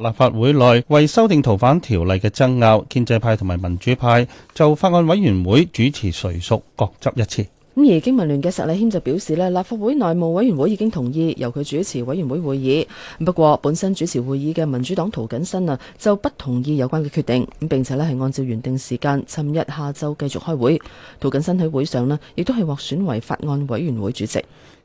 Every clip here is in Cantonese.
立法會內為修訂逃犯條例嘅爭拗，建制派同埋民主派就法案委員會主持誰屬各執一詞。咁而經民聯嘅石禮謙就表示咧，立法會內務委員會已經同意由佢主持委員會會議。不過，本身主持會議嘅民主黨涂謹申啊，就不同意有關嘅決定，並且咧係按照原定時間，尋日下晝繼續開會。涂謹申喺會上咧，亦都係獲選為法案委員會主席。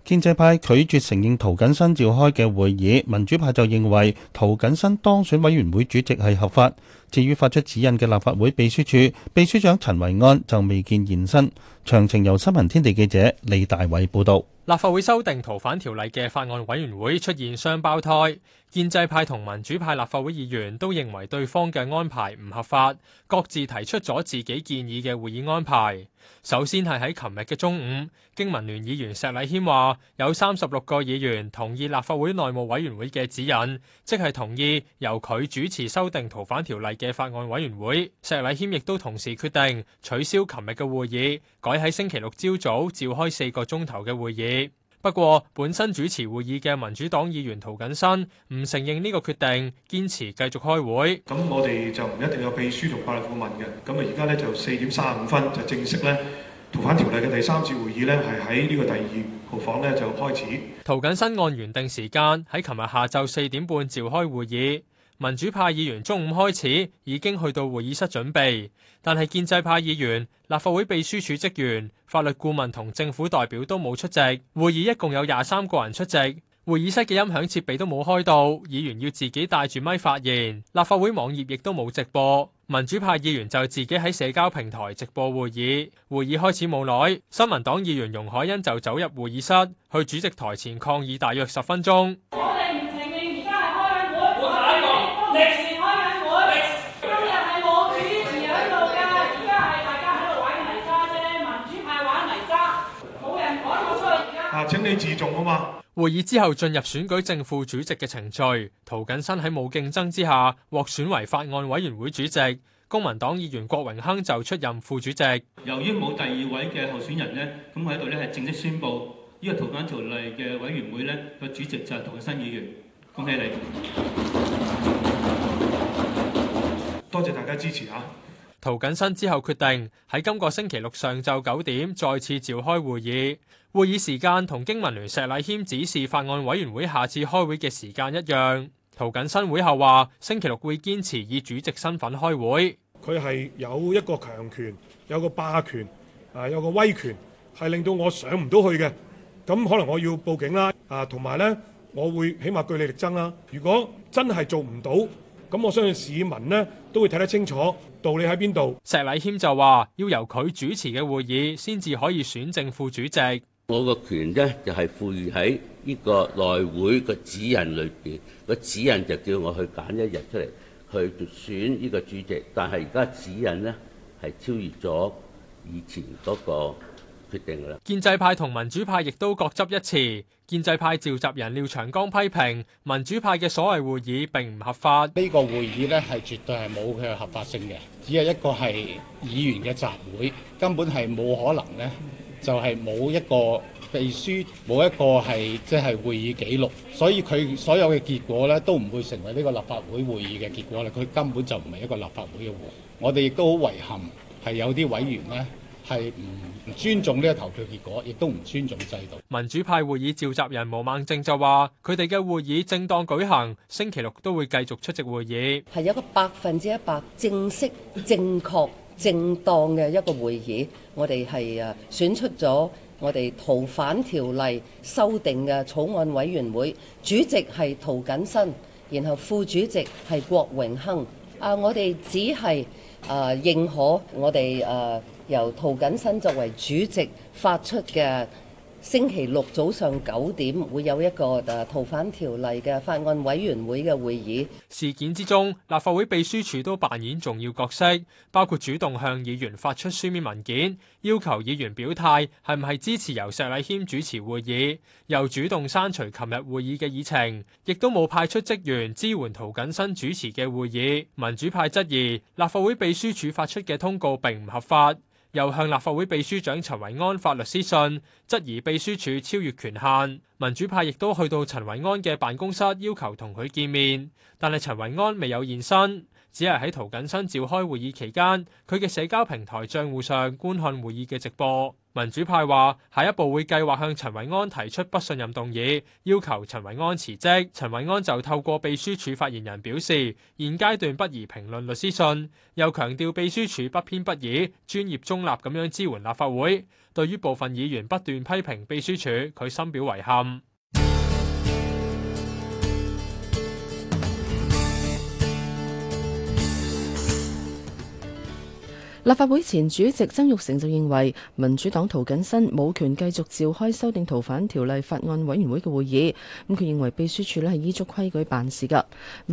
建制派拒絕承認涂謹申召開嘅會議，民主派就認為涂謹申當選委員會主席係合法。至於發出指引嘅立法會秘書處，秘書長陳維安就未見現身。詳情，由新聞天地記者李大煒報道。立法會修訂逃犯條例嘅法案委員會出現雙胞胎，建制派同民主派立法會議員都認為對方嘅安排唔合法，各自提出咗自己建議嘅會議安排。首先係喺琴日嘅中午，經民聯議員石禮謙話有三十六個議員同意立法會內務委員會嘅指引，即係同意由佢主持修訂逃犯條例嘅法案委員會。石禮謙亦都同時決定取消琴日嘅會議，改喺星期六朝早召開四個鐘頭嘅會議。不過，本身主持會議嘅民主黨議員涂謹申唔承認呢個決定，堅持繼續開會。咁我哋就唔一定有秘書同法律顧問嘅。咁啊，而家咧就四點三十五分就正式咧逃犯條例嘅第三次會議咧，係喺呢個第二號房咧就開始。涂謹申按原定時間喺琴日下晝四點半召開會議。民主派議員中午開始已經去到會議室準備，但係建制派議員、立法會秘書處職員、法律顧問同政府代表都冇出席。會議一共有廿三個人出席，會議室嘅音響設備都冇開到，議員要自己帶住咪發言。立法會網頁亦都冇直播，民主派議員就自己喺社交平台直播會議。會議開始冇耐，新民黨議員容海恩就走入會議室去主席台前抗議，大約十分鐘。會議之後進入選舉正副主席嘅程序，塗謹申喺冇競爭之下獲選為法案委員會主席，公民黨議員郭榮鏗就出任副主席。由於冇第二位嘅候選人呢，咁我喺度呢係正式宣布呢、呢個逃犯條例嘅委員會呢，個主席就係涂謹申議員，恭喜你，多謝大家支持吓。涂謹申之後決定喺今個星期六上晝九點再次召開會議，會議時間同經民聯石禮謙指示法案委員會下次開會嘅時間一樣。涂謹申會後話：星期六會堅持以主席身份開會。佢係有一個強權，有個霸權，啊，有個威權，係令到我上唔到去嘅。咁可能我要報警啦，啊，同埋呢，我會起碼據理力爭啦。如果真係做唔到，咁我相信市民呢都會睇得清楚道理喺邊度。石禮謙就話要由佢主持嘅會議先至可以選正副主席。我權個權呢就係賦予喺呢個內會個指引裏邊，個指引就叫我去揀一日出嚟去選呢個主席。但係而家指引呢係超越咗以前嗰個。決定啦！建制派同民主派亦都各執一詞。建制派召集人廖長江批評民主派嘅所謂會議並唔合法。呢個會議呢係絕對係冇佢嘅合法性嘅，只係一個係議員嘅集會，根本係冇可能呢就係冇一個秘書，冇一個係即係會議紀錄，所以佢所有嘅結果呢都唔會成為呢個立法會會議嘅結果啦。佢根本就唔係一個立法會嘅會。我哋亦都好遺憾，係有啲委員呢。係唔尊重呢個投票結果，亦都唔尊重制度。民主派會議召集人毛孟靜就話：佢哋嘅會議正當舉行，星期六都會繼續出席會議。係有個百分之一百正式、正確、正當嘅一個會議。我哋係啊選出咗我哋逃犯條例修訂嘅草案委員會主席係涂謹申，然後副主席係郭榮鏗。啊，我哋只係。誒、uh, 認可我哋誒、uh, 由涂謹申作為主席發出嘅。星期六早上九點會有一個誒逃犯條例嘅法案委員會嘅會議。事件之中，立法會秘書處都扮演重要角色，包括主動向議員發出書面文件，要求議員表態係唔係支持由石禮謙主持會議，又主動刪除琴日會議嘅議程，亦都冇派出職員支援涂謹申主持嘅會議。民主派質疑立法會秘書處發出嘅通告並唔合法。又向立法會秘書長陳維安發律師信，質疑秘書處超越權限。民主派亦都去到陳維安嘅辦公室要求同佢見面，但係陳維安未有現身。只係喺涂謹申召開會議期間，佢嘅社交平台賬戶上觀看會議嘅直播。民主派話下一步會計劃向陳維安提出不信任動議，要求陳維安辭職。陳維安就透過秘書處發言人表示，現階段不宜評論律師信，又強調秘書處不偏不倚、專業中立咁樣支援立法會。對於部分議員不斷批評秘書處，佢深表遺憾。立法會前主席曾鈺成就認為，民主黨涂謹申冇權繼續召開修訂逃犯條例法案委員會嘅會議。咁佢認為秘書處呢係依足規矩辦事㗎。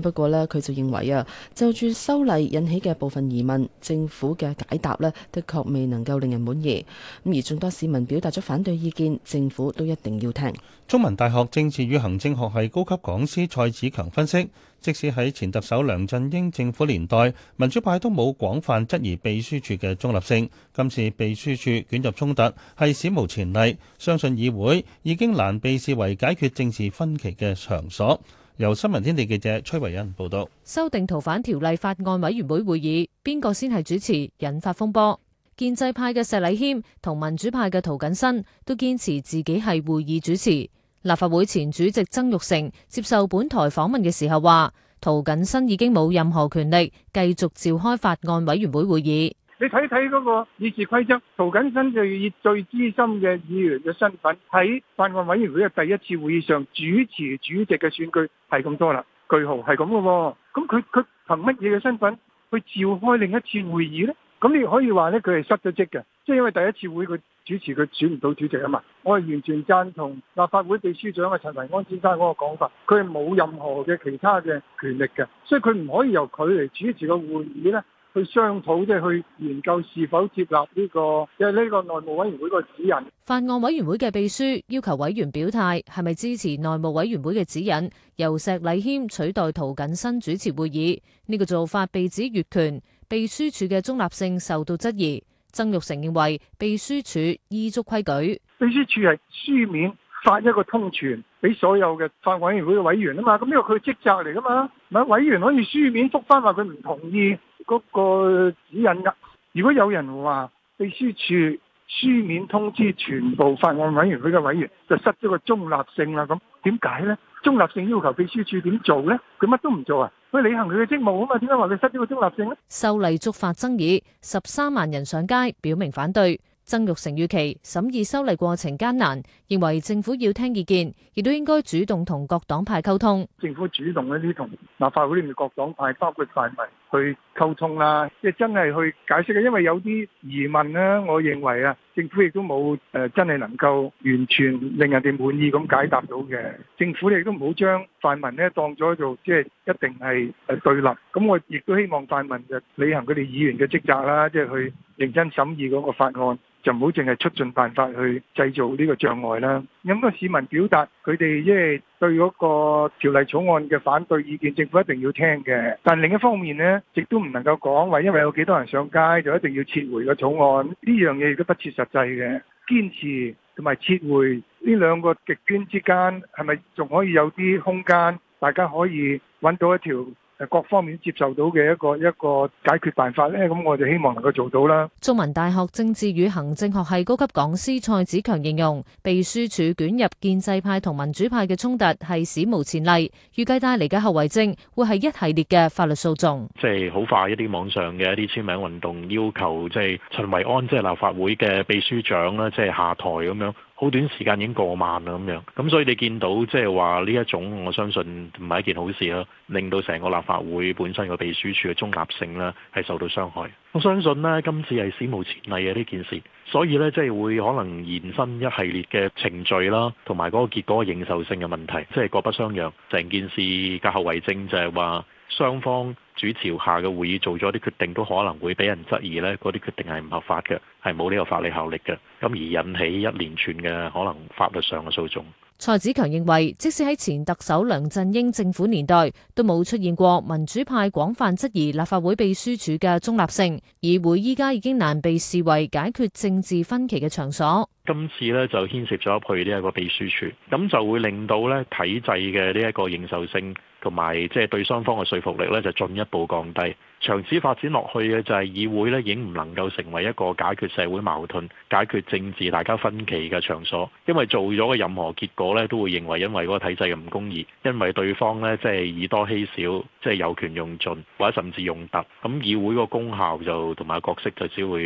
不過呢，佢就認為啊，就住修例引起嘅部分疑問，政府嘅解答呢，的確未能夠令人滿意。咁而眾多市民表達咗反對意見，政府都一定要聽。中文大學政治與行政學系高級講師蔡子強分析，即使喺前特首梁振英政府年代，民主派都冇廣泛質疑秘書處嘅中立性。今次秘書處捲入衝突係史無前例，相信議會已經難被視為解決政治分歧嘅場所。由新聞天地記者崔維仁報道。修訂逃犯條例法案委員會會議，邊個先係主持，引發風波？建制派嘅石禮謙同民主派嘅涂謹申都堅持自己係會議主持。立法會前主席曾鈺成接受本台訪問嘅時候話，涂謹申已經冇任何權力繼續召開法案委員會會議。你睇睇嗰個議事規則，涂謹申就以最資深嘅議員嘅身份喺法案委員會嘅第一次會議上主持主席嘅選舉係咁多啦。句號係咁嘅，咁佢佢憑乜嘢嘅身份去召開另一次會議呢？咁你可以話咧，佢係失咗職嘅，即係因為第一次會佢。主持佢選唔到主席啊嘛！我係完全贊同立法會秘書長啊陳維安先生嗰個講法，佢係冇任何嘅其他嘅權力嘅，所以佢唔可以由佢嚟主持個會議咧，去商討即係去研究是否接納呢個即係呢個內務委員會個指引。法案委員會嘅秘書要求委員表態，係咪支持內務委員會嘅指引？由石禮謙取代涂謹申主持會議呢、呢個做法被指越權，秘書處嘅中立性受到質疑。曾鈺成認為秘書處依足規矩，秘書處係書面發一個通傳俾所有嘅法案委員會嘅委員啊嘛，咁呢個佢職責嚟噶嘛，委員可以書面複翻話佢唔同意嗰個指引噶。如果有人話秘書處書面通知全部法案委員會嘅委員就失咗個中立性啦，咁點解咧？中立性要求秘書處點做咧？佢乜都唔做啊？佢履行佢嘅職務啊嘛，點解話佢失咗個中立性咧？修例觸發爭議，十三萬人上街表明反對。曾鈺成預期審議修例過程艱難，認為政府要聽意見，亦都應該主動同各黨派溝通。政府主動咧，呢同立法會唔係各黨派，包括反對。去溝通啦，即係真係去解釋嘅，因為有啲疑問咧、啊，我認為啊，政府亦都冇誒、呃、真係能夠完全令人哋滿意咁解答到嘅。政府亦都唔好將泛民咧當咗做即係一定係誒對立。咁我亦都希望泛民就履行佢哋議員嘅職責啦，即係去認真審議嗰個法案。就唔好淨係出盡辦法去製造呢個障礙啦。有冇市民表達佢哋即係對嗰個條例草案嘅反對意見？政府一定要聽嘅。但另一方面呢，亦都唔能夠講話，因為有幾多人上街就一定要撤回個草案。呢樣嘢亦都不切實際嘅。堅持同埋撤回呢兩個極端之間，係咪仲可以有啲空間？大家可以揾到一條，各方面接受到嘅一個一個解決辦法咧，咁我就希望能夠做到啦。中文大學政治與行政學系高級講師蔡子強形容，秘書處捲入建制派同民主派嘅衝突係史無前例，預計帶嚟嘅後遺症會係一系列嘅法律訴訟，即係好快一啲網上嘅一啲簽名運動要求，即係陳維安即係立法會嘅秘書長啦，即係下台咁樣。好短時間已經過萬啦，咁樣，咁所以你見到即係話呢一種，我相信唔係一件好事啦，令到成個立法會本身個秘書處嘅中立性啦，係受到傷害。我相信呢，今次係史無前例嘅呢件事，所以呢，即係會可能延伸一系列嘅程序啦，同埋嗰個結果認受性嘅問題，即係各不相讓。成件事嘅後遺症就係話。雙方主持下嘅會議做咗啲決定，都可能會俾人質疑，呢嗰啲決定係唔合法嘅，係冇呢個法理效力嘅。咁而引起一連串嘅可能法律上嘅訴訟。蔡子強認為，即使喺前特首梁振英政府年代，都冇出現過民主派廣泛質疑立法會秘書處嘅中立性，議會依家已經難被視為解決政治分歧嘅場所。今次咧就牽涉咗去呢一個秘書處，咁就會令到咧體制嘅呢一個認受性同埋即係對雙方嘅說服力咧就進一步降低。長此發展落去嘅就係議會咧已經唔能夠成為一個解決社會矛盾、解決政治大家分歧嘅場所，因為做咗嘅任何結果咧都會認為因為嗰個體制嘅唔公義，因為對方咧即係以多欺少，即係有權用盡或者甚至用突，咁議會個功效就同埋角色就只會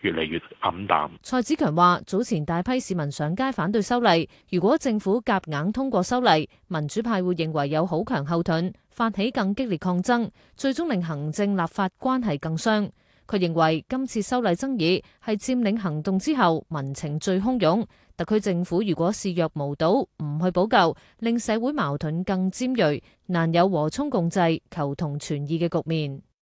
越嚟越黯淡。蔡子強話：早前，大批市民上街反對修例，如果政府夾硬，硬通過修例，民主派會認為有好強後盾，發起更激烈抗爭，最終令行政立法關係更傷。佢認為今次修例爭議係佔領行動之後，民情最洶湧，特區政府如果視若無睹，唔去補救，令社會矛盾更尖銳，難有和衷共濟、求同存異嘅局面。